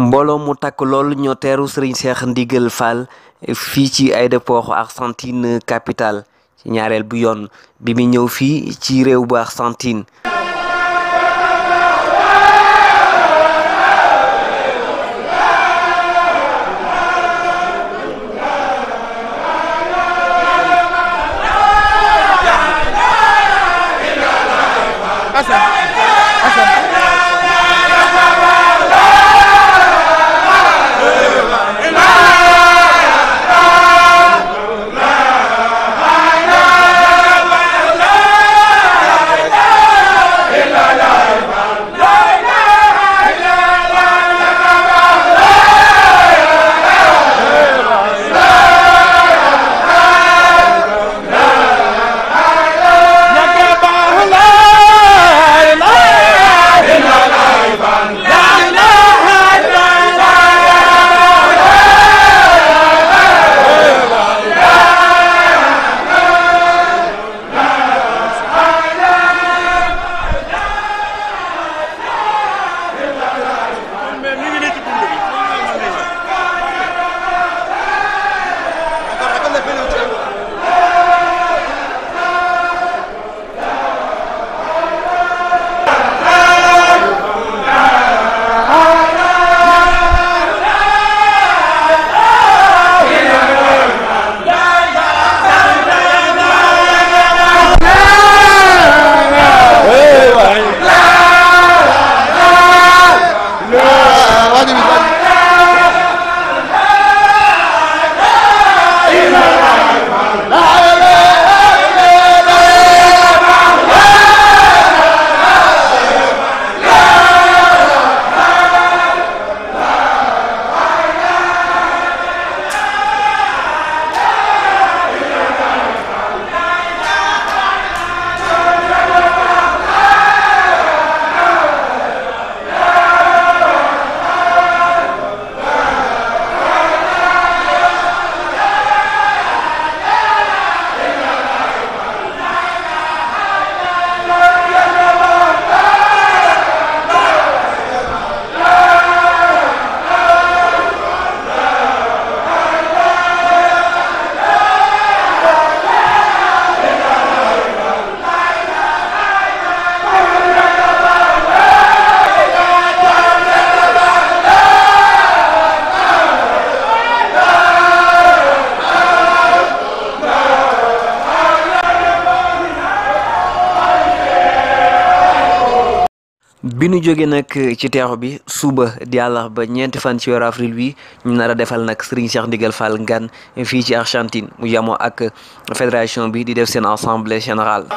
mbooloo mu takk lool ñoo teeru Serigne Cheikh Ndigal Fall fii ci aéroport Argentine capitale ci ñaareel bu yoon bi mu ñëw fii ci réew bu Argentine bi nu jógee nag ci teexu bi suba di ba ñeenti fan ci weeru avril bi ñu nar defal nag Serigne Cheikh Ndigal Fall ngan fii ci Argentine mu yamoo ak fédération bi di def seen assemblée général